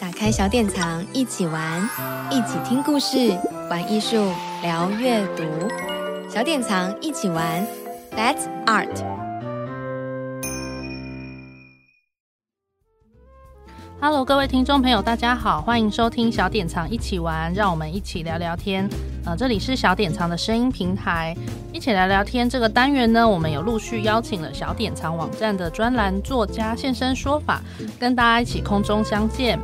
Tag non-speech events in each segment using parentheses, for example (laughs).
打開小典藏，一起玩，一起聽故事，玩藝術，聊閱讀。小典藏，一起玩，That's Art。Hello，各位聽眾朋友，大家好，歡迎收聽小典藏一起玩，讓我們一起聊聊天。呃，這裡是小典藏的聲音平台，一起聊聊天這個單元呢，我們有陸續邀請了小典藏網站的專欄作家現身說法，跟大家一起空中相見。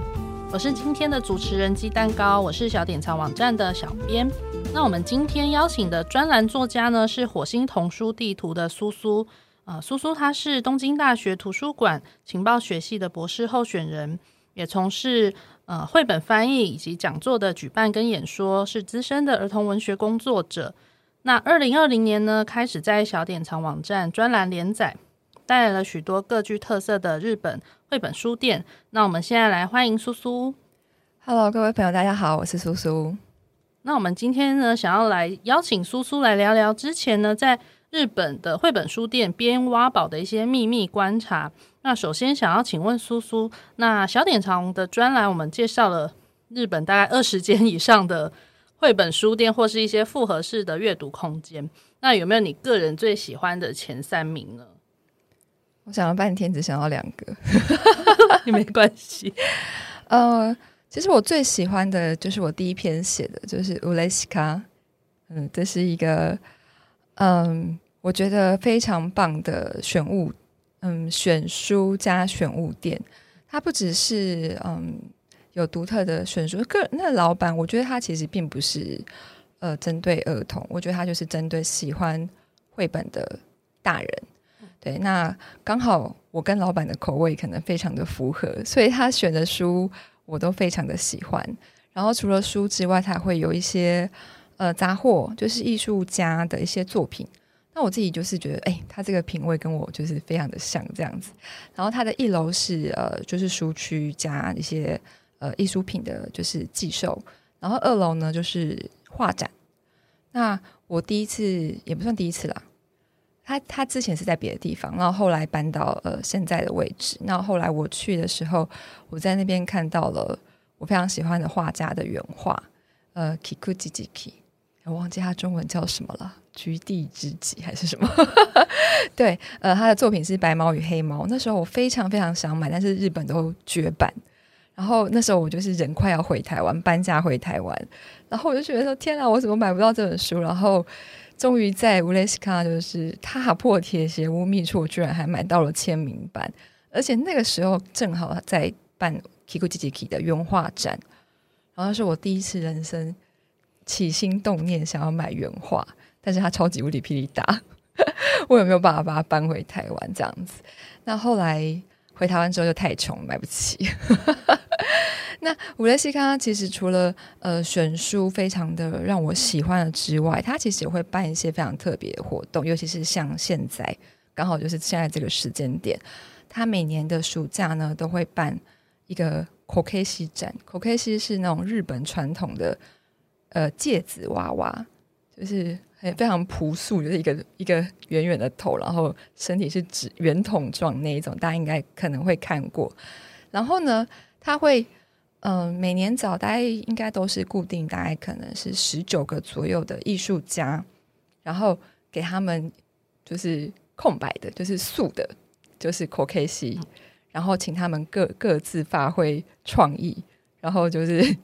我是今天的主持人雞蛋糕，我是小典藏網站的小編。那我們今天邀請的專欄作家呢，是火星童書地圖的蘇蘇。呃，蘇蘇她是東京大學圖書館情報學系的博士候選人，也從事呃繪本翻譯以及講座的舉辦跟演說，是資深的兒童文學工作者。那二零二零年呢，開始在小典藏網站專欄連載，帶來了許多各具特色的日本。繪本書店，那我們現在來歡迎蘇蘇。Hello，各位朋友，大家好，我是蘇蘇。那我們今天呢，想要來邀請蘇蘇來聊聊之前呢，在日本的繪本書店邊挖寶的一些秘密觀察。那首先想要請問蘇蘇，那小典藏的專欄我們介紹了日本大概二十間以上的繪本書店或是一些複合式的閱讀空間，那有沒有你個人最喜歡的前三名呢？我想了半天，只想要兩個，哈哈哈，也沒關係。 (laughs) 呃，其實我最喜歡的就是我第一篇寫的，就是烏雷西卡。嗯，這是一個嗯，我覺得非常棒的選物，嗯，選書加選物店。它不只是嗯有獨特的選書，個那老板我覺得他其實並不是呃針對兒童，我覺得他就是針對喜歡繪本的大人。對，那剛好我跟老闆的口味可能非常的符合，所以他選的書我都非常的喜歡。然後除了書之外，他會有一些呃雜貨，就是藝術家的一些作品。那我自己就是覺得，哎、欸，他這個品味跟我就是非常的像這樣子。然後他的一樓是呃就是書區加一些呃藝術品的，就是寄售。然後二樓呢就是畫展。那我第一次也不算第一次啦。他他之前是在別的地方，然後後來搬到呃現在的位置。那後，後來我去的時候，我在那邊看到了我非常喜歡的畫家的原畫，呃，キクチチキ，我忘記他中文叫什麼了，菊地知己還是什麼？ (laughs) 對，呃，他的作品是《白貓與黑貓》。那時候我非常非常想買，但是日本都絕版。然後那時候我就是人快要回台灣搬家回台灣，然後我就覺得說：天哪！我怎麼買不到這本書？然後。終於在烏雷斯卡，就是踏破鐵鞋無覓處，居然還買到了簽名版。而且那個時候正好在辦キクチチキ的原畫展，然後是我第一次人生起心動念想要買原畫，但是他超級無敵霹靂大， (laughs) 我有沒有辦法把他搬回台灣這樣子？那後來。回台灣之後就太窮，買不起。 (laughs) 那五雷西卡其實除了呃選書非常的讓我喜歡的之外，他其實也會辦一些非常特別的活動，尤其是像現在剛好就是現在這個時間點，他每年的暑假呢都會辦一個 Kokeshi 展 Kokeshi 是那種日本傳統的呃芥子娃娃，就是。非常樸素，就是一個一個圓圓的頭，然後身體是指圓筒狀那一種，大家應該可能會看過。然後呢，他會嗯、呃，每年早，大家應該都是固定，大概可能是十九個左右的藝術家，然後給他們就是空白的，就是素的，就是 kokeshi、嗯、然後請他們各各自發揮創意，然後就是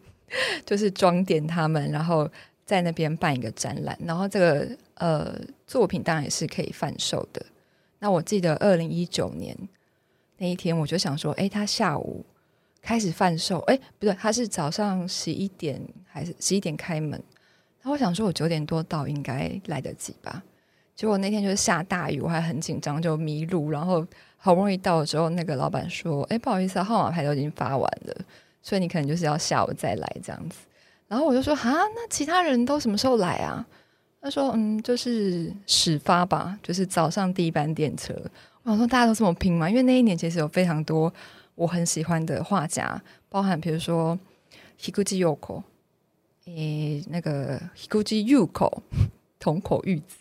就是裝點他們，然後。在那邊辦一個展覽，然後這個呃作品當然也是可以販售的。那我記得二零一九年那一天，我就想說，哎、欸，他下午開始販售，哎、欸，不對，他是早上十一點還是十一點開門？然後我想說，我九點多到應該來得及吧？結果那天就是下大雨，我還很緊張，就迷路，然後好不容易到了之後，那個老板說，哎、欸，不好意思啊，號碼牌都已經發完了，所以你可能就是要下午再來這樣子。然後我就說：“哈，那其他人都什麼時候來啊？”他說：“嗯，就是始發吧，就是早上第一班電車。”我想說，大家都這麼拼嘛，因為那一年其實有非常多我很喜歡的畫家，包含比如說 Higuchi Yoko 誒，那個 Higuchi Yuko，筒口玉子，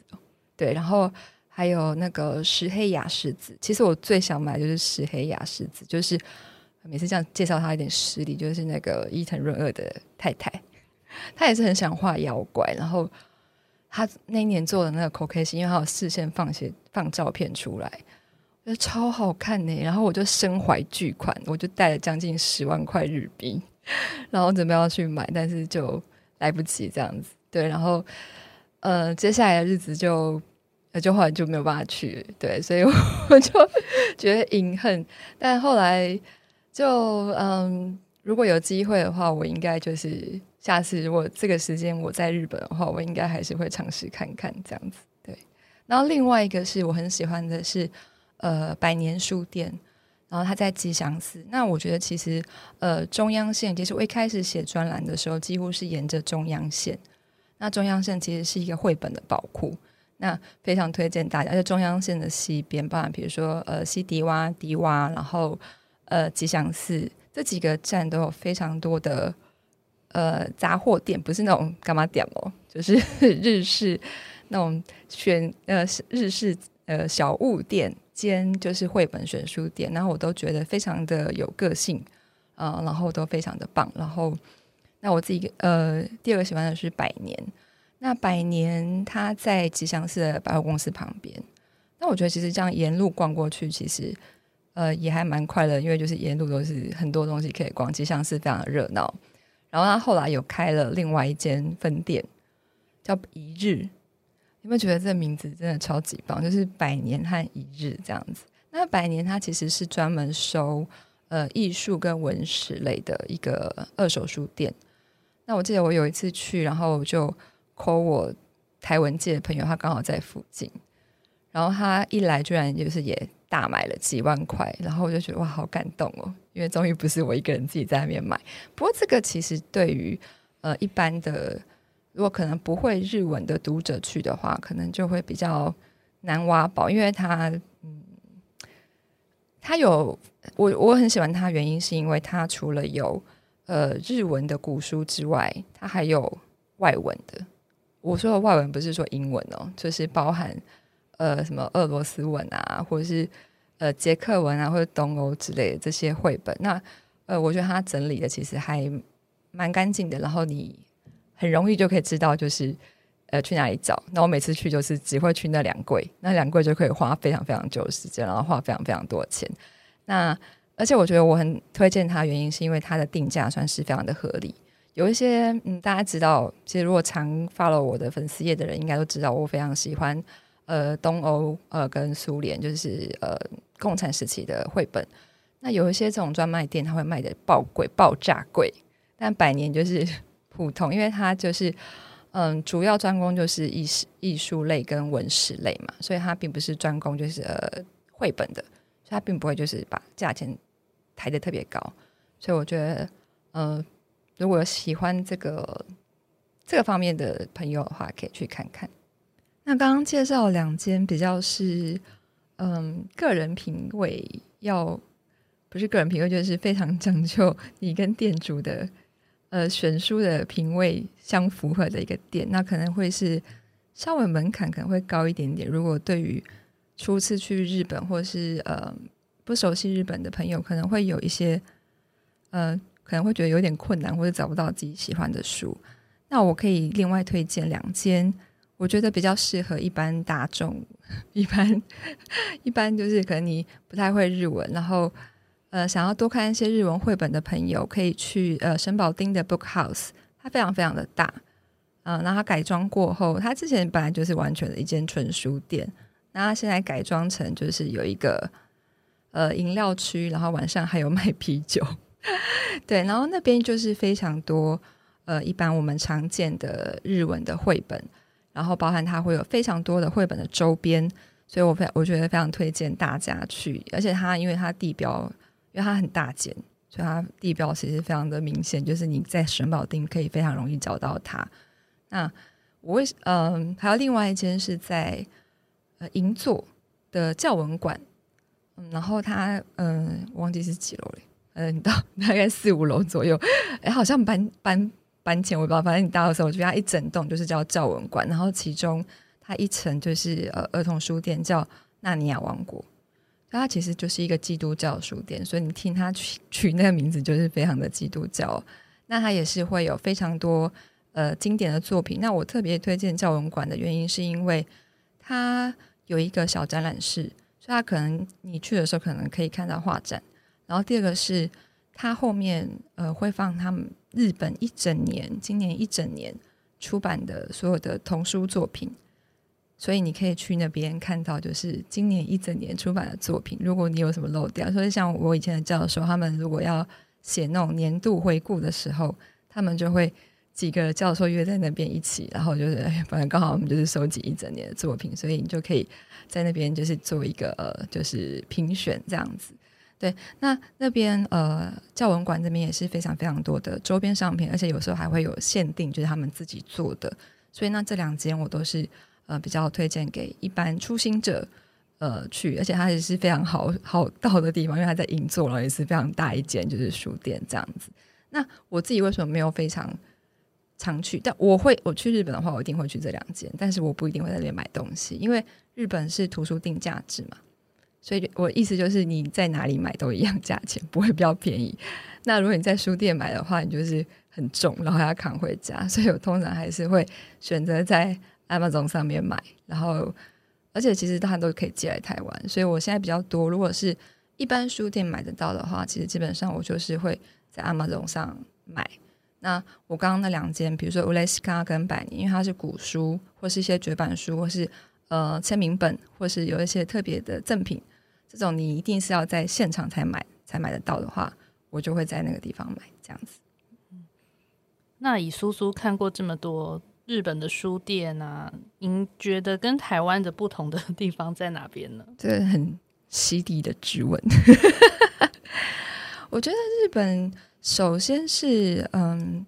對，然後還有那個石黑雅石子。其實我最想買就是石黑雅石子，就是每次這樣介紹他有點失禮，就是那個伊藤潤二的太太。他也是很想畫妖怪，然後他那一年做的那個 cos，因為他有事先放些放照片出來，我覺得超好看呢、欸。然後我就身懷巨款，我就帶了將近十萬塊日幣，然後準備要去買，但是就來不及這樣子。對，然後呃，接下來的日子就、呃、就後來就沒有辦法去。對，所以我就 (laughs) 覺得飲恨。但後來就嗯，如果有機會的話，我應該就是。下次我這個時間我在日本的話，我應該還是會嘗試看看這樣子。對，然後另外一個是我很喜歡的是，呃，百年書店，然後它在吉祥寺。那我覺得其實，呃，中央線，其實我一開始寫專欄的時候，幾乎是沿着中央線。那中央線其實是一個繪本的寶庫，那非常推薦大家。而且中央線的西邊，包括比如說呃西荻窪、荻窪，然後呃吉祥寺這幾個站都有非常多的。呃，雜貨店不是那種幹嘛店哦，喔，就是呵呵日式那種選呃日式呃小物店兼就是繪本選書店，然後我都覺得非常的有個性呃，然後都非常的棒。然後那我自己呃第二個喜歡的是百年。那百年它在吉祥寺的百貨公司旁邊，那我覺得其實這樣沿路逛過去，其實呃也還蠻快樂，因為就是沿路都是很多東西可以逛，吉祥寺非常的熱鬧。然後他後來有開了另外一間分店，叫一日，有沒有覺得這個名字真的超級棒？就是百年和一日這樣子。那百年它其實是專門收呃藝術跟文史類的一個二手書店。那我記得我有一次去，然後就 call 我台文界的朋友，他剛好在附近，然後他一來居然就是也。大買了幾萬塊，然後我就覺得哇，好感動哦！因為終於不是我一個人自己在那邊買。不過，這個其實對於呃一般的，如果可能不會日文的讀者去的話，可能就會比較難挖寶，因為它嗯，它有我我很喜歡它原因是因為它除了有呃日文的古書之外，它還有外文的。我說的外文不是說英文哦，就是包含。呃，什麼俄羅斯文啊，或者是呃捷克文啊，或者東歐之類的這些繪本，那呃，我覺得他整理的其實還蠻乾淨的，然後你很容易就可以知道，就是呃去哪裡找。那我每次去就是只會去那兩櫃，那兩櫃就可以花非常非常久的時間，然後花非常非常多的錢。那而且我覺得我很推薦他，原因是因為它的定價算是非常的合理。有一些嗯，大家知道，其實如果常 follow 我的粉絲頁的人，應該都知道我非常喜歡。呃，東歐呃，跟蘇聯就是呃，共產時期的繪本，那有一些這種專賣店，他會賣的爆貴、爆炸貴，但百年就是普通，因為它就是嗯、呃，主要專攻就是藝術、藝術類跟文史類嘛，所以它並不是專攻就是呃繪本的，所以它並不會就是把價錢抬得特別高，所以我覺得，嗯、呃，如果喜歡這個這個方面的朋友的話，可以去看看。那剛剛介紹兩間比較是，嗯、呃，個人品味要不是個人品味，就是非常講究你跟店主的呃選書的品位相符合的一個店，那可能會是稍微門檻可能會高一點點。如果對於初次去日本或是呃不熟悉日本的朋友，可能會有一些呃可能會覺得有點困難，或者找不到自己喜歡的書。那我可以另外推薦兩間。我覺得比較適合一般大眾，一般一般就是可能你不太會日文，然後呃想要多看一些日文繪本的朋友，可以去呃神保町的 Book House，它非常非常的大，嗯、呃，然後它改裝過後，它之前本來就是完全的一間純書店，那它現在改裝成就是有一個呃飲料區，然後晚上還有賣啤酒，對，然後那邊就是非常多呃一般我們常見的日文的繪本。然後包含它會有非常多的繪本的周邊，所以我非我覺得非常推薦大家去。而且它因為它地標，因為它很大間，所以它地標其實非常的明顯，就是你在神保町可以非常容易找到它。那我為嗯、呃，還有另外一間是在呃銀座的教文館，嗯、然後它嗯、呃、忘記是幾樓了，嗯、呃，到大概四五樓左右，哎，好像搬搬。搬遷我不知道，反正你到的時候，我覺得它一整棟就是叫教文館，然後其中它一層就是呃兒童書店，叫納尼亞王國，它其實就是一個基督教書店，所以你聽它取取那個名字就是非常的基督教。那它也是會有非常多呃經典的作品。那我特別推薦教文館的原因是因為它有一個小展覽室，所以它可能你去的時候可能可以看到畫展。然後第二個是。他後面呃會放他們日本一整年，今年一整年出版的所有的童書作品，所以你可以去那邊看到，就是今年一整年出版的作品。如果你有什麼漏掉，所以像我以前的教授，他們如果要寫那種年度回顧的時候，他們就會幾個教授約在那邊一起，然後就是反正剛好我們就是收集一整年的作品，所以你就可以在那邊就是做一個、呃、就是評選這樣子。對，那那邊呃，教文館這邊也是非常非常多的周邊商品，而且有時候還會有限定，就是他們自己做的。所以那這兩間我都是呃比較推薦給一般初心者呃去，而且它也是非常好好到好的地方，因為它在銀座，然後也是非常大一間就是書店這樣子。那我自己為什麼沒有非常常去？但我會我去日本的話，我一定會去這兩間，但是我不一定會在那邊買東西，因為日本是圖書定價制嘛。所以我意思就是，你在哪裡買都一樣，價錢不會比較便宜。那如果你在書店買的話，你就是很重，然後還要扛回家，所以我通常還是會選擇在 Amazon 上面買。然後，而且其實大家都可以寄來台灣，所以我現在比較多。如果是一般書店買得到的話，其實基本上我就是會在 Amazon 上買。那我剛剛那兩間，比如說烏雷斯卡跟百年，因為它是古書，或是一些絕版書，或是呃簽名本，或是有一些特別的贈品。這種你一定是要在現場才買才買得到的話，我就會在那個地方買這樣子。那以蘇蘇看過這麼多日本的書店啊，您覺得跟台灣的不同的地方在哪邊呢？這很犀利的質問。 (laughs) (laughs) 我覺得日本首先是嗯，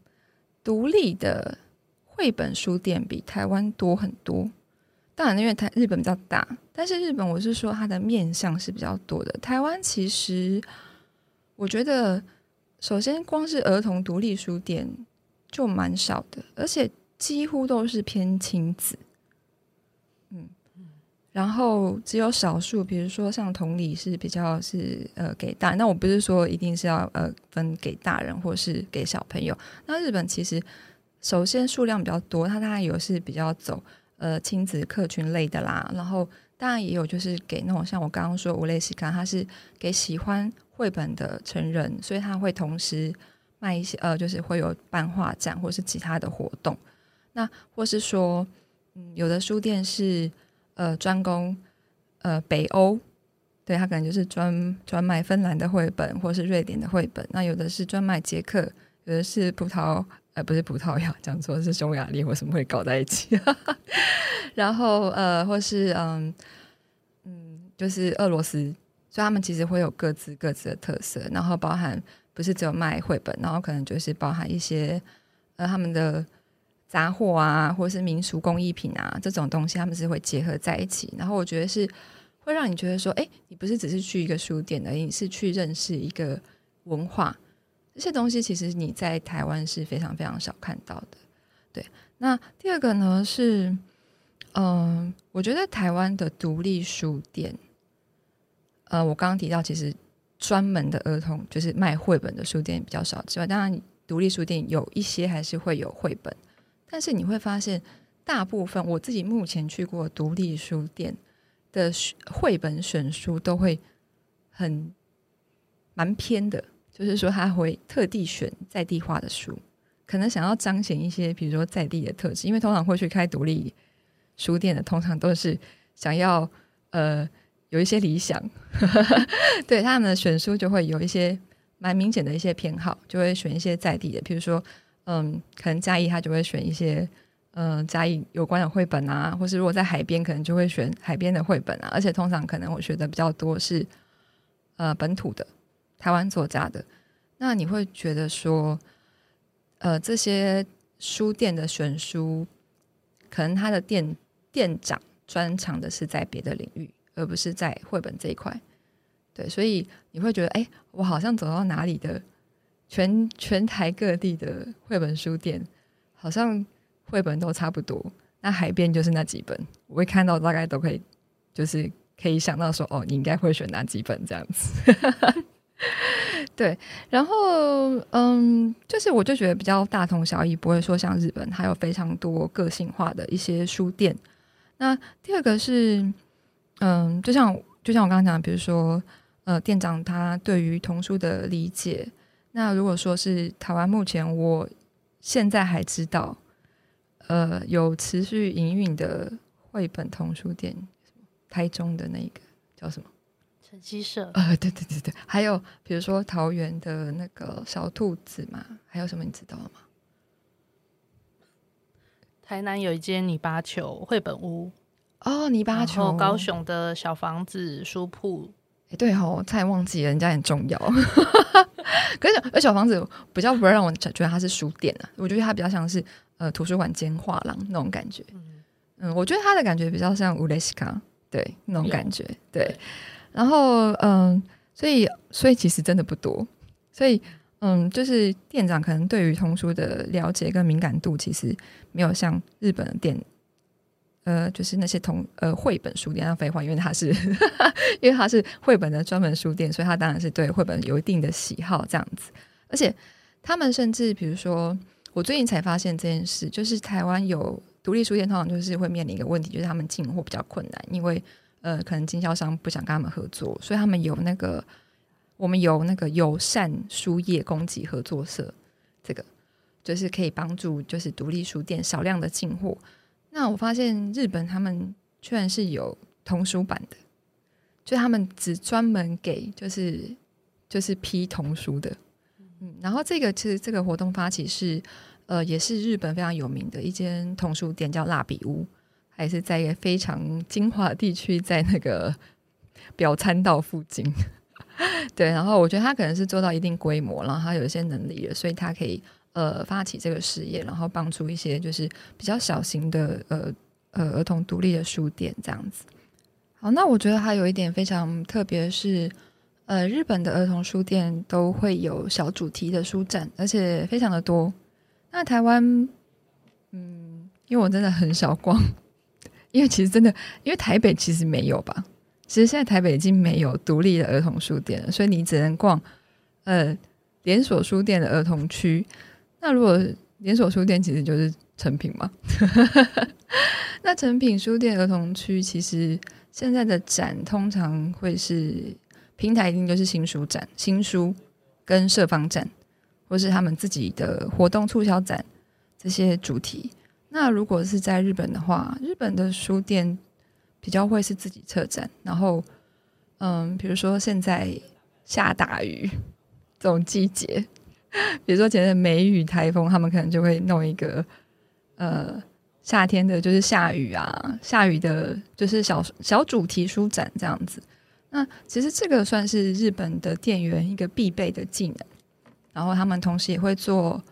獨立的繪本書店比台灣多很多。當然，因為台日本比較大。但是日本，我是說它的面相是比較多的。台灣其實，我覺得首先光是兒童獨立書店就蠻少的，而且幾乎都是偏親子。嗯，嗯然後只有少數，比如說像同理是比較是呃給大人，那我不是說一定是要呃分給大人或是給小朋友。那日本其實首先數量比較多，它大概有是比較走呃親子客群類的啦，然後。當然也有，就是給那種像我剛剛說，烏雷斯卡，他是給喜歡繪本的成人，所以他會同時賣一些，呃，就是會有辦畫展或是其他的活動。那或是說，嗯，有的書店是呃專攻呃北歐，對，他可能就是專專賣芬蘭的繪本或是瑞典的繪本。那有的是專賣捷克，有的是葡萄呃不是葡萄牙講錯，是匈牙利，為什麼會搞在一起？ (laughs) 然後呃，或是嗯、呃、嗯，就是俄羅斯，所以他們其實會有各自各自的特色，然後包含不是只有賣繪本，然後可能就是包含一些呃他們的雜貨啊，或是民俗工藝品啊這種東西，他們是會結合在一起。然後我覺得是會讓你覺得說，哎、欸，你不是只是去一個書店而已，你是去認識一個文化。這些東西其實你在台灣是非常非常少看到的，對。那第二個呢是，嗯、呃，我覺得台灣的獨立書店，呃，我剛剛提到其實專門的兒童就是賣繪本的書店比較少，之外當然獨立書店有一些還是會有繪本，但是你會發現大部分我自己目前去過獨立書店的繪，繪本選書都會很，蠻偏的。就是說，他會特地選在地化的書，可能想要彰顯一些，比如說在地的特質。因為通常會去開獨立書店的，通常都是想要呃有一些理想， (laughs) 對他們的選書就會有一些蠻明顯的一些偏好，就會選一些在地的。比如說，嗯，可能嘉義他就會選一些嗯、呃、嘉義有關的繪本啊，或是如果在海邊，可能就會選海邊的繪本啊。而且通常可能我覺得比較多是呃本土的。台灣作家的，那你會覺得說，呃，這些書店的選書，可能他的店店長專長的是在別的領域，而不是在繪本這一塊。對，所以你會覺得，哎、欸，我好像走到哪裡的全全台各地的繪本書店，好像繪本都差不多。那海邊就是那幾本，我會看到大概都可以，就是可以想到說，哦，你應該會選哪幾本這樣子。 (laughs) 對，然後嗯，就是我就覺得比較大同小異，不會說像日本，還有非常多個性化的一些書店。那第二個是，嗯，就像就像我剛剛講的，比如說呃，店長他對於童書的理解。那如果說是台灣目前，我現在還知道，呃，有持續營運的繪本童書店，台中的那個叫什麼？晨曦社啊、呃，對對對對，還有比如說桃園的那個小兔子嘛，還有什麼你知道嗎？台南有一間泥巴球繪本屋哦，泥巴球，高雄的小房子書鋪，哎對哦，我太忘記了，人家很重要。 (laughs) (laughs) 可是而小房子比較不會讓我覺得它是書店啊，我覺得它比較像是呃圖書館兼畫廊那種感覺。嗯，嗯，我覺得它的感覺比較像烏雷西卡，對那種感覺，有對。然後嗯，所以所以其實真的不多，所以嗯，就是店長可能對於童書的了解跟敏感度，其實沒有像日本的店，呃，就是那些童呃繪本書店那樣廢話，因為他是 (laughs) 因為他是繪本的專門書店，所以他當然是對繪本有一定的喜好這樣子。而且他們甚至比如說，我最近才發現這件事，就是台灣有獨立書店，通常就是會面臨一個問題，就是他們進貨比較困難，因為。呃，可能經銷商不想跟他們合作，所以他們有那個，我們有那個友善書業供給合作社，這個就是可以幫助，就是獨立書店少量的進貨。那我發現日本他們居然是有童書版的，就他們只專門給就是就是批童書的，嗯，然後這個其實這個活動發起是呃也是日本非常有名的一間童書店叫蠟筆屋。還是在一個非常精華地區，在那個表參道附近。 (laughs) 對，然後我覺得他可能是做到一定規模，然後他有一些能力的，所以他可以呃發起這個事業，然後幫助一些就是比較小型的呃呃兒童獨立的書店這樣子。好，那我覺得還有一點非常特別，是呃日本的兒童書店都會有小主題的書展，而且非常的多。那台灣，嗯，因為我真的很少逛。因為其實真的，因為台北其實沒有吧，其實現在台北已經沒有獨立的兒童書店了，所以你只能逛呃連鎖書店的兒童區。那如果連鎖書店其實就是誠品嘛， (laughs) 那誠品書店的兒童區其實現在的展通常會是平台一定就是新書展、新書跟社方展，或是他們自己的活動促銷展這些主題。那如果是在日本的話，日本的書店比較會是自己策展，然後，嗯，比如說現在下大雨這種季節，比如說前面的梅雨颱風，他們可能就會弄一個呃夏天的就是下雨啊，下雨的就是小小主題書展這樣子。那其實這個算是日本的店員一個必備的技能，然後他們同時也會做。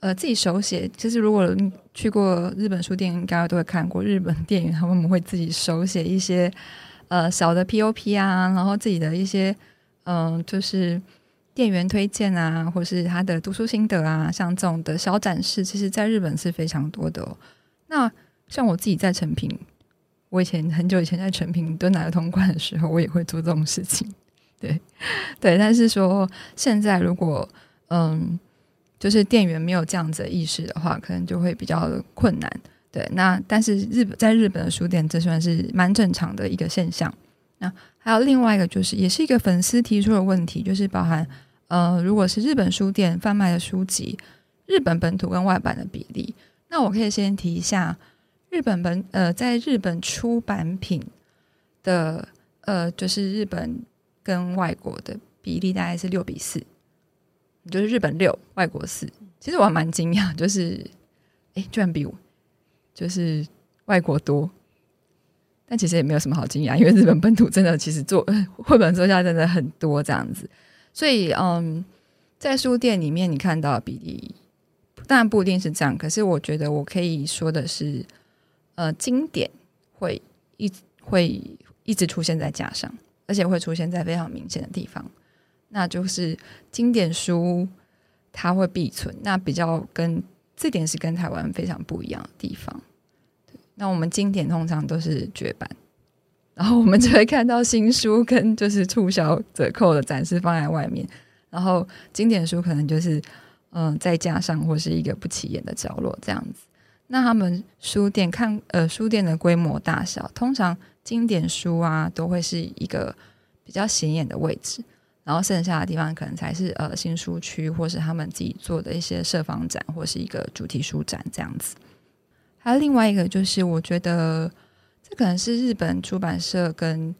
呃，自己手寫，其實如果去過日本書店，應該都會看過日本店員他們會自己手寫一些呃小的 POP 啊，然後自己的一些嗯，就是店員推薦啊，或者是他的讀書心得啊，像這種的小展示，其實在日本是非常多的。那像我自己在誠品，我以前很久以前在誠品蹲來通關的時候，我也會做這種事情，對對。但是說現在如果嗯。就是店員沒有這樣子的意識的話，可能就會比較困難。對，那但是日本，在日本的書店，這算是蠻正常的一個現象。那還有另外一個，就是也是一個粉絲提出的問題，就是包含呃，如果是日本書店販賣的書籍，日本本土跟外版的比例，那我可以先提一下，日本本呃，在日本出版品的呃，就是日本跟外國的比例大概是六比四。就是日本六，外國四。其實我還蠻驚訝，就是，哎、欸，居然比，我，就是外國多。但其實也沒有什麼好驚訝，因為日本本土真的其實做繪本作家真的很多這樣子。所以，嗯，在書店裡面你看到比例，當然不一定是這樣。可是我覺得我可以說的是，呃，經典會一直會一直出現在架上，而且會出現在非常明顯的地方。那就是經典書，它會必存。那比較跟這點是跟台灣非常不一樣的地方對。那我們經典通常都是絕版，然後我們就會看到新書跟就是促銷折扣的展示放在外面，然後經典書可能就是嗯在架上或是一個不起眼的角落這樣子。那他們書店看呃書店的規模大小，通常經典書啊都會是一個比較顯眼的位置。然後剩下的地方可能才是呃新書區，或是他們自己做的一些設防展，或是一個主題書展這樣子。還有另外一個就是，我覺得這可能是日本出版社跟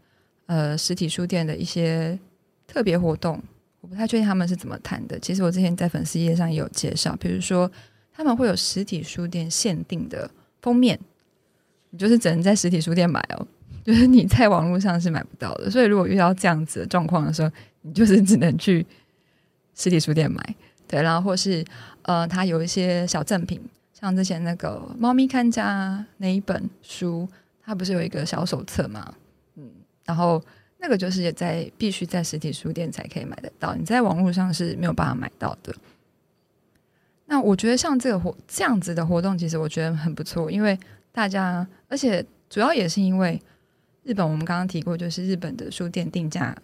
呃實體書店的一些特別活動。我不太確定他們是怎麼談的。其實我之前在粉絲頁上也有介紹，比如說他們會有實體書店限定的封面，你就是只能在實體書店買哦，就是你在網路上是買不到的。所以如果遇到這樣子的狀況的時候，就是只能去實體書店買，對，然後或是呃，它有一些小贈品，像之前那個《貓咪看家》那一本書，它不是有一個小手冊嗎？嗯，然後那個就是也在必須在實體書店才可以買得到，你在網絡上是沒有辦法買到的。那我覺得像這個活這樣子的活動，其實我覺得很不錯，因為大家，而且主要也是因為日本，我們剛剛提過，就是日本的書店定價。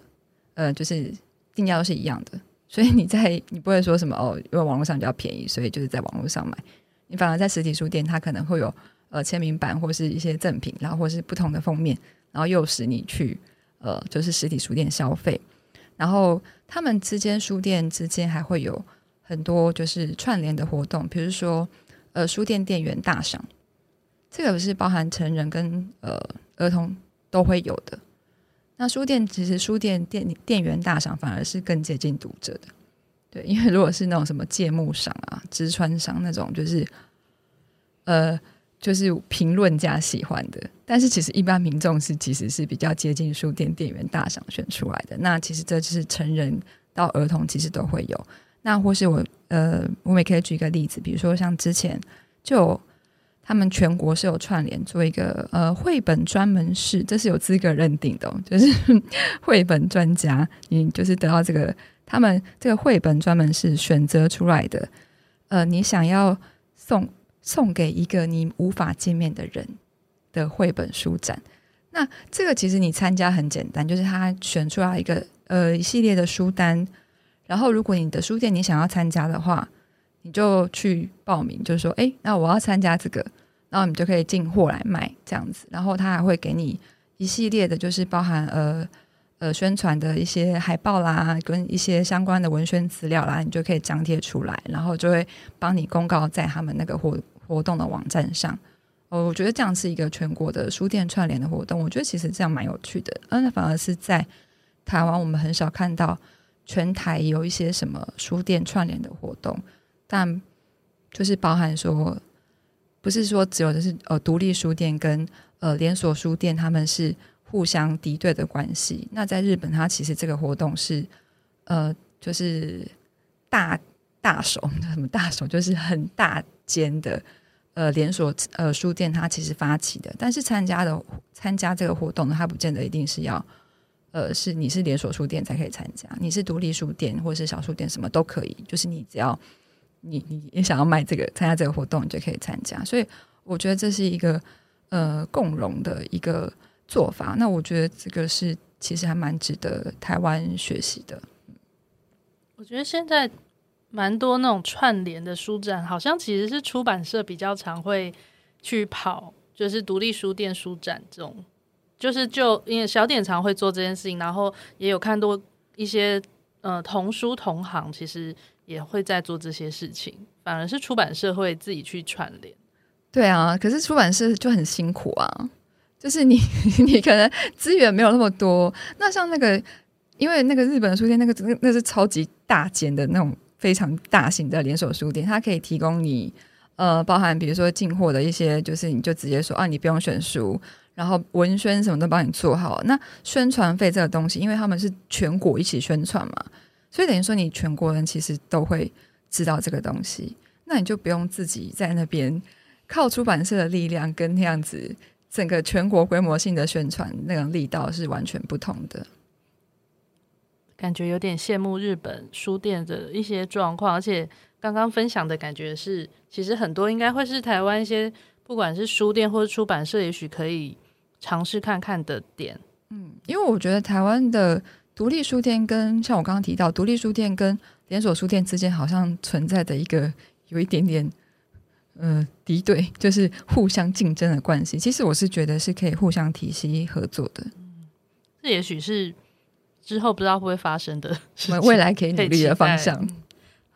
呃，就是定價都是一樣的，所以你在你不會說什麼哦，因為網絡上比較便宜，所以就是在網絡上買。你反而在實體書店，它可能會有呃簽名版或是一些贈品，然後或是不同的封面，然後誘使你去呃就是實體書店消費。然後他們之間書店之間還會有很多就是串聯的活動，比如說呃書店店員大賞，這個是包含成人跟呃兒童都會有的。那書店其實，書店店店員大賞反而是更接近讀者的，對，因為如果是那種什麼芥川賞啊、直木賞那種，就是呃，就是評論家喜歡的。但是其實一般民眾是其實是比較接近書店店員大賞選出來的。那其實這就是成人到兒童其實都會有。那或是我呃，我也可以舉一個例子，比如說像之前就。他們全國是有串聯做一個呃繪本專門士，這是有資格認定的，就是繪本專家，你就是得到這個他們這個繪本專門士選擇出來的。呃，你想要送送給一個你無法見面的人的繪本書展，那這個其實你參加很簡單，就是他選出來一個呃一系列的書單，然後如果你的書店你想要參加的話，你就去報名，就是說，哎、欸，那我要參加這個。然後你就可以進貨來賣這樣子，然後他還會給你一系列的，就是包含呃呃宣傳的一些海報啦，跟一些相關的文宣資料啦，你就可以張貼出來，然後就會幫你公告在他們那個活活動的網站上。哦，我覺得這樣是一個全國的書店串聯的活動，我覺得其實這樣蠻有趣的。嗯，反而是在台灣我們很少看到全台有一些什麼書店串聯的活動，但就是包含說。不是說只有的、就是呃，獨立書店跟呃連鎖書店他們是互相敵對的關係。那在日本，它其實這個活動是呃，就是大大手什麼大手，就是很大間的呃連鎖呃書店，它其實發起的。但是參加的參加這個活動它不見得一定是要呃是你是連鎖書店才可以參加，你是獨立書店或是小書店什麼都可以，就是你只要。你你你想要賣這個，參加這個活動，你就可以參加。所以我覺得這是一個呃共榮的一個做法。那我覺得這個是其實還蠻值得台灣學習的。我覺得現在蠻多那種串聯的書展，好像其實是出版社比較常會去跑，就是獨立書店書展這種，就是就因為小店常常會做這件事情，然後也有看多一些呃童書同行，其實。也會在做這些事情，反而是出版社會自己去串聯。對啊，可是出版社就很辛苦啊，就是你你可能資源沒有那麼多。那像那個，因為那個日本書店，那個那那是超級大間的那種非常大型的連鎖書店，它可以提供你呃，包含比如說進貨的一些，就是你就直接說啊，你不用選書，然後文宣什麼都幫你做好。那宣傳費這個東西，因為他們是全國一起宣傳嘛。所以等於說，你全國人其實都會知道這個東西，那你就不用自己在那邊靠出版社的力量，跟那樣子整個全國規模性的宣傳那種力道是完全不同的。感覺有點羨慕日本書店的一些狀況，而且剛剛分享的感覺是，其實很多應該會是台灣一些不管是書店或者出版社，也許可以嘗試看看的點。嗯，因為我覺得台灣的。獨立書店跟像我剛剛提到，獨立書店跟連鎖書店之間好像存在的一個有一點點，呃，敵對，就是互相競爭的關係。其實我是覺得是可以互相提攜、合作的，這、嗯、也許是之後不知道會不會發生的，我們未來可以努力的方向。嗯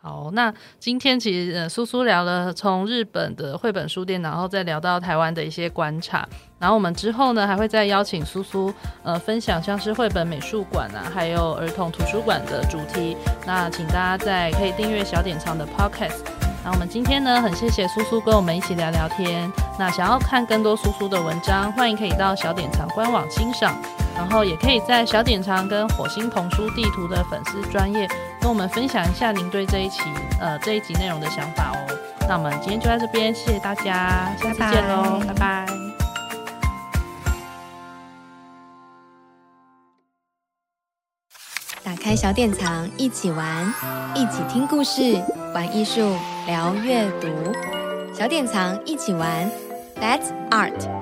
好，那今天其實呃，蘇蘇聊了從日本的繪本書店，然後再聊到台灣的一些觀察，然後我們之後呢還會再邀請蘇蘇呃分享，像是繪本美術館啊，還有兒童圖書館的主題。那請大家在可以訂閱小典藏的 podcast。那我們今天呢很謝謝蘇蘇跟我們一起聊聊天。那想要看更多蘇蘇的文章，歡迎可以到小典藏官網欣賞。然後也可以在小典藏跟火星童書地圖的粉絲專頁跟我們分享一下您對這一期呃，這一集內容的想法哦。那我們今天就在這邊，謝謝大家，下次見嘍，拜拜。拜拜。打開小典藏，一起玩，一起聽故事，玩藝術，聊閱讀。小典藏，一起玩，That's Art。